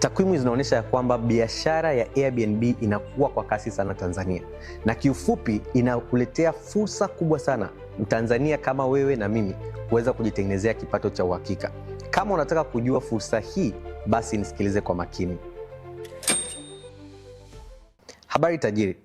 Takwimu zinaonyesha ya kwamba biashara ya Airbnb inakuwa kwa kasi sana Tanzania, na kiufupi inakuletea fursa kubwa sana Mtanzania kama wewe na mimi kuweza kujitengenezea kipato cha uhakika. Kama unataka kujua fursa hii, basi nisikilize kwa makini. Habari tajiri,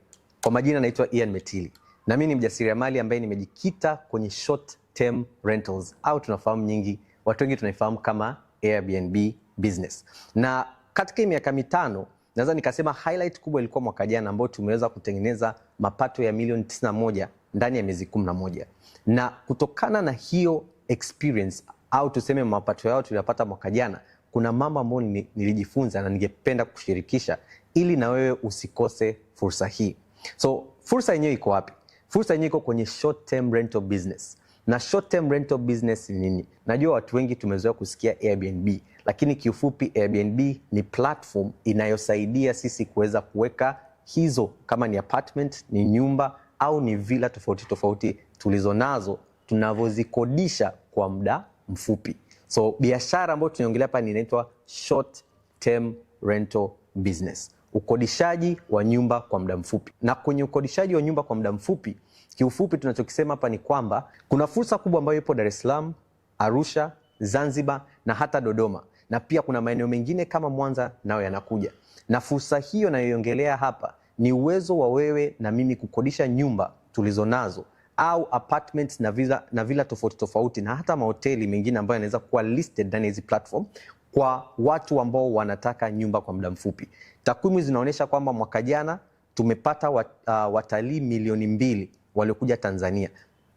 kwa majina naitwa Ian Metili na mimi ni mjasiriamali ambaye nimejikita kwenye short term rentals au tunafahamu nyingi, watu wengi tunaifahamu kama Airbnb business. Na katika miaka mitano naweza nikasema highlight kubwa ilikuwa mwaka jana ambao tumeweza kutengeneza mapato ya milioni 91 ndani ya miezi 11. Na kutokana na hiyo experience au tuseme mapato yao tuliyopata mwaka jana, kuna mambo ambayo nilijifunza na ningependa kushirikisha ili na wewe usikose fursa hii. So fursa yenyewe iko wapi? Fursa yenyewe iko kwenye short term rental business. Na short term rental business ni nini? Najua watu wengi tumezoea kusikia Airbnb lakini kiufupi, Airbnb ni platform inayosaidia sisi kuweza kuweka hizo, kama ni apartment, ni nyumba au ni villa tofauti tofauti tulizonazo, tunavyozikodisha kwa muda mfupi. So biashara ambayo tunaongelea hapa inaitwa short term rental business, ukodishaji wa nyumba kwa muda mfupi. Na kwenye ukodishaji wa nyumba kwa muda mfupi, kiufupi tunachokisema hapa ni kwamba kuna fursa kubwa ambayo ipo Dar es Salaam, Arusha, Zanzibar na hata Dodoma na pia kuna maeneo mengine kama Mwanza nayo yanakuja, na fursa hiyo nayoiongelea hapa ni uwezo wa wewe na mimi kukodisha nyumba tulizonazo au apartments na villa, na villa tofauti tofauti na hata mahoteli mengine ambayo yanaweza kuwa listed ndani ya hizi platform kwa watu ambao wanataka nyumba kwa muda mfupi. Takwimu zinaonyesha kwamba mwaka jana tumepata wat, uh, watalii milioni mbili waliokuja Tanzania.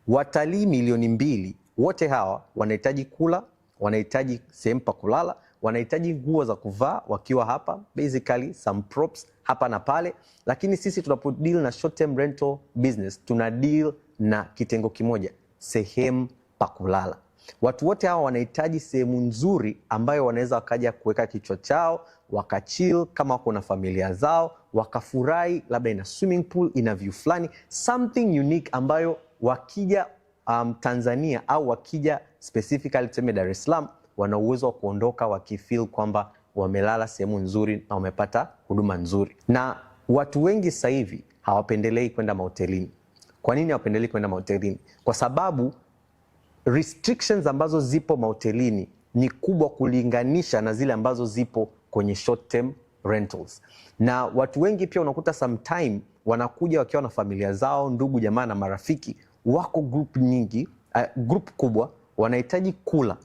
Watalii milioni mbili wote hawa wanahitaji kula wanahitaji sehemu pa kulala, wanahitaji nguo za kuvaa wakiwa hapa, basically some props hapa na pale. Lakini sisi tunapo deal na short term rental business, tuna deal na kitengo kimoja, sehemu pa kulala. Watu wote hawa wanahitaji sehemu nzuri ambayo wanaweza wakaja kuweka kichwa chao wakachill, kama wako na familia zao wakafurahi, labda ina swimming pool, ina view fulani, something unique ambayo wakija um, Tanzania au wakija specifically tuseme Dar es Salaam, wana uwezo wa kuondoka wakifeel kwamba wamelala sehemu nzuri na wamepata huduma nzuri. Na watu wengi sasa hivi hawapendelei kwenda mahotelini. Kwa nini hawapendelei kwenda mahotelini? Kwa sababu restrictions ambazo zipo mahotelini ni kubwa kulinganisha na zile ambazo zipo kwenye short term rentals. Na watu wengi pia unakuta sometime wanakuja wakiwa na familia zao, ndugu jamaa na marafiki wako group nyingi uh, group kubwa wanahitaji kula.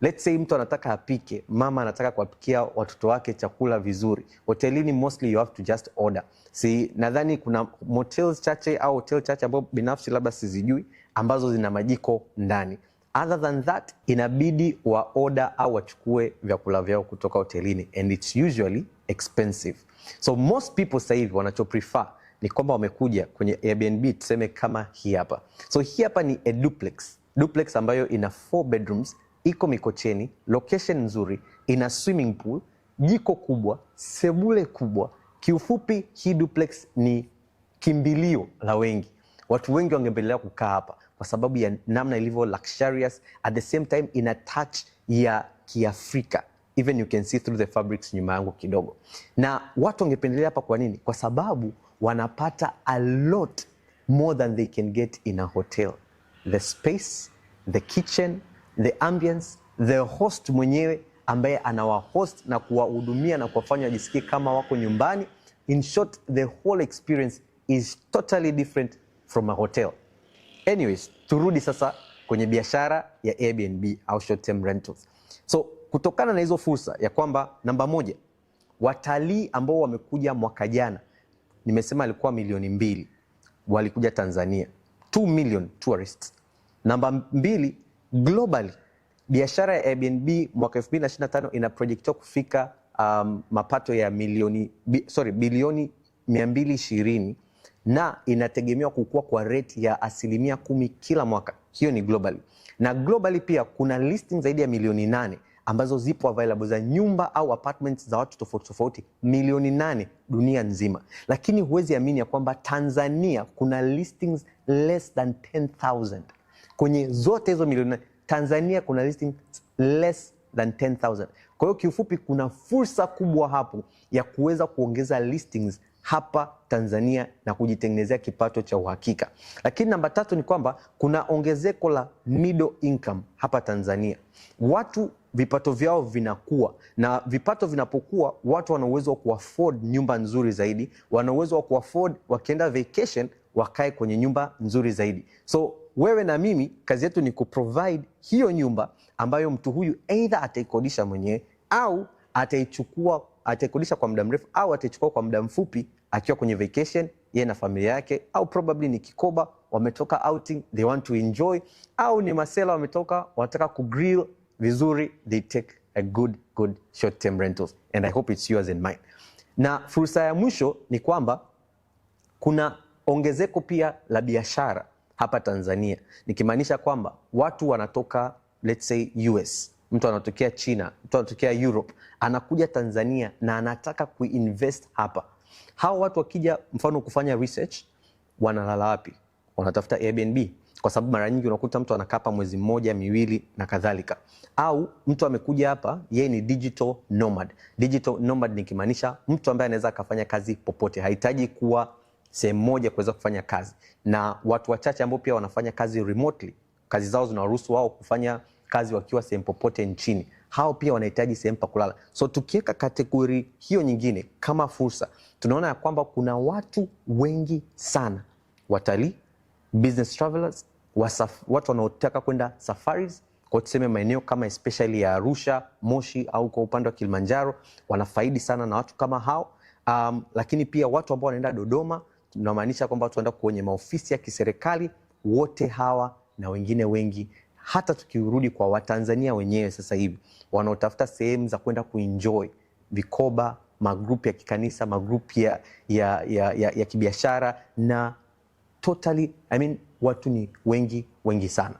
Let's say mtu anataka apike, mama anataka kuwapikia watoto wake chakula vizuri. Hotelini mostly you have to just order. Si nadhani kuna motels chache au hotel chache ambazo binafsi labda sizijui ambazo zina majiko ndani. Other than that, inabidi wa order au wachukue vyakula vyao kutoka hotelini and it's usually expensive. So most people sasa hivi wanachoprefer ni kwamba wamekuja kwenye Airbnb tuseme kama hii hapa. So hii hapa ni a duplex. Duplex ambayo ina four bedrooms, iko Mikocheni, location nzuri, ina swimming pool, jiko kubwa, sebule kubwa. Kiufupi hii duplex ni kimbilio la wengi. Watu wengi wangependelea kukaa hapa kwa sababu ya namna ilivyo luxurious, at the same time ina touch ya Kiafrika. Even you can see through the fabrics nyuma yangu kidogo. Na watu wangependelea hapa kwa nini? Kwa sababu wanapata a lot more than they can get in a hotel, the space, the kitchen, the ambience, the host mwenyewe ambaye anawahost na kuwahudumia na kuwafanya wajisikie kama wako nyumbani. In short, the whole experience is totally different from a hotel. Anyways, turudi sasa kwenye biashara ya Airbnb au short term rentals. So, kutokana na hizo fursa ya kwamba namba moja, watalii ambao wamekuja mwaka jana nimesema alikuwa milioni mbili walikuja Tanzania, 2 million tourists. Namba mbili, globally biashara ya Airbnb mwaka 2025 ina projectiwa kufika um, mapato ya milioni bi, sorry bilioni 220 na inategemewa kukua kwa rate ya asilimia kumi kila mwaka. Hiyo ni globally, na globally pia kuna listing zaidi ya milioni nane ambazo zipo available za nyumba au apartments za watu tofauti tofauti milioni nane dunia nzima, lakini huwezi amini ya kwamba Tanzania kuna listings less than 10000 kwenye zote hizo milioni nane. Tanzania kuna listings less than 10000. Kwa hiyo kiufupi, kuna fursa kubwa hapo ya kuweza kuongeza listings hapa Tanzania na kujitengenezea kipato cha uhakika. Lakini namba tatu ni kwamba kuna ongezeko la middle income hapa Tanzania. Watu vipato vyao vinakuwa, na vipato vinapokuwa, watu wana uwezo wa kuafford nyumba nzuri zaidi, wana uwezo wa kuafford wakienda vacation wakae kwenye nyumba nzuri zaidi. So wewe na mimi kazi yetu ni kuprovide hiyo nyumba ambayo mtu huyu either ataikodisha mwenyewe au ataichukua ataikodisha kwa muda mrefu au ataichukua kwa muda mfupi akiwa kwenye vacation yeye na familia yake, au probably ni kikoba wametoka outing, they want to enjoy, au ni masela wametoka wanataka kugrill vizuri, they take a good good short term rentals and I hope it's yours and mine. Na fursa ya mwisho ni kwamba kuna ongezeko pia la biashara hapa Tanzania, nikimaanisha kwamba watu wanatoka let's say US, mtu anatokea China, mtu anatokea Europe, anakuja Tanzania na anataka kuinvest hapa. Hao watu wakija, mfano kufanya research, wanalala wapi? Wanatafuta Airbnb kwa sababu mara nyingi unakuta mtu anakapa mwezi mmoja miwili na kadhalika, au mtu amekuja hapa, yeye ni digital nomad. Digital nomad nikimaanisha mtu ambaye anaweza akafanya kazi popote, hahitaji kuwa sehemu moja kuweza kufanya kazi, na watu wachache ambao pia wanafanya kazi remotely, kazi zao zinawaruhusu wao kufanya kazi wakiwa sehemu popote nchini, hao pia wanahitaji sehemu pa kulala. So tukiweka kategori hiyo nyingine kama fursa, tunaona ya kwamba kuna watu wengi sana watalii business travelers, wasaf, watu wanaotaka kwenda safaris kwa tuseme maeneo kama especially ya Arusha, Moshi au kwa upande wa Kilimanjaro wanafaidi sana na watu kama hao. Um, lakini pia watu ambao wanaenda Dodoma tunamaanisha kwamba watu wanaenda kwenye maofisi ya kiserikali, wote hawa na wengine wengi hata tukirudi kwa Watanzania wenyewe sasa hivi wanaotafuta sehemu za kwenda kuenjoy, vikoba, magrupu ya kikanisa, magrupu ya, ya, ya, ya, ya kibiashara na totally, I mean, watu ni wengi wengi sana.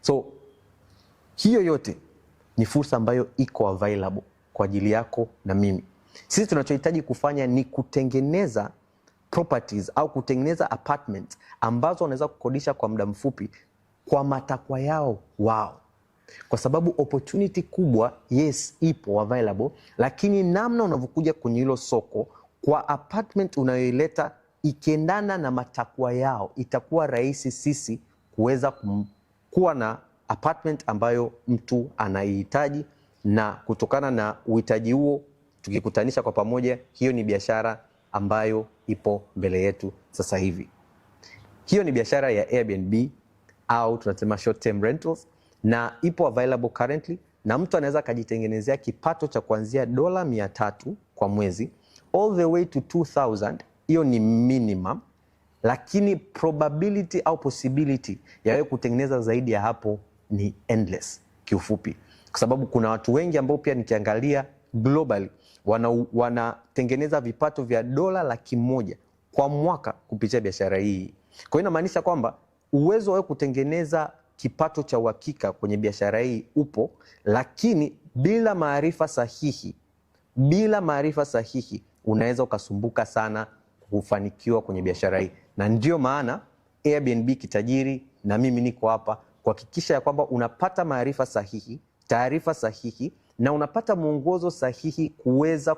So hiyo yote ni fursa ambayo iko available kwa ajili yako na mimi. Sisi tunachohitaji kufanya ni kutengeneza properties au kutengeneza apartments ambazo wanaweza kukodisha kwa muda mfupi kwa matakwa yao wao, kwa sababu opportunity kubwa yes ipo available, lakini namna unavyokuja kwenye hilo soko kwa apartment unayoileta ikiendana na matakwa yao, itakuwa rahisi sisi kuweza kuwa na apartment ambayo mtu anaihitaji, na kutokana na uhitaji huo tukikutanisha kwa pamoja, hiyo ni biashara ambayo ipo mbele yetu sasa hivi. Hiyo ni biashara ya Airbnb au tunasema short term rentals, na ipo available currently, na mtu anaweza akajitengenezea kipato cha kuanzia dola mia tatu kwa mwezi all the way to 2000 hiyo ni minimum, lakini probability au possibility ya wewe kutengeneza zaidi ya hapo ni endless kiufupi, kwa sababu kuna watu wengi ambao pia nikiangalia globally wanatengeneza wana vipato vya dola laki moja kwa mwaka kupitia biashara hii. Kwa hiyo inamaanisha kwamba uwezo wa kutengeneza kipato cha uhakika kwenye biashara hii upo, lakini bila maarifa sahihi, bila maarifa sahihi unaweza ukasumbuka sana hufanikiwa kwenye biashara hii, na ndio maana Airbnb kitajiri na mimi niko hapa kuhakikisha ya kwamba unapata maarifa sahihi, taarifa sahihi na unapata mwongozo sahihi kuweza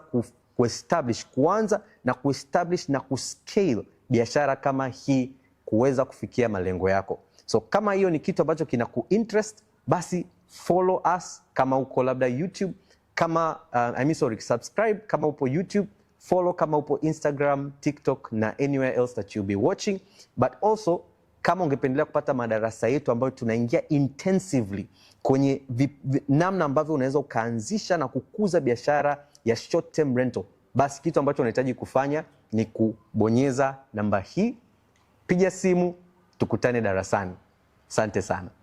kuestablish, kuanza na kuestablish na kuscale biashara kama hii kuweza kufikia malengo yako. So kama hiyo ni kitu ambacho kina kuinterest, basi follow us kama uko labda YouTube, kama uh, I mean sorry, subscribe kama upo YouTube follow kama upo Instagram, TikTok na anywhere else that you'll be watching, but also kama ungependelea kupata madarasa yetu ambayo tunaingia intensively kwenye vi, vi, namna ambavyo unaweza ukaanzisha na kukuza biashara ya short term rental, basi kitu ambacho unahitaji kufanya ni kubonyeza namba hii, piga simu, tukutane darasani. Asante sana.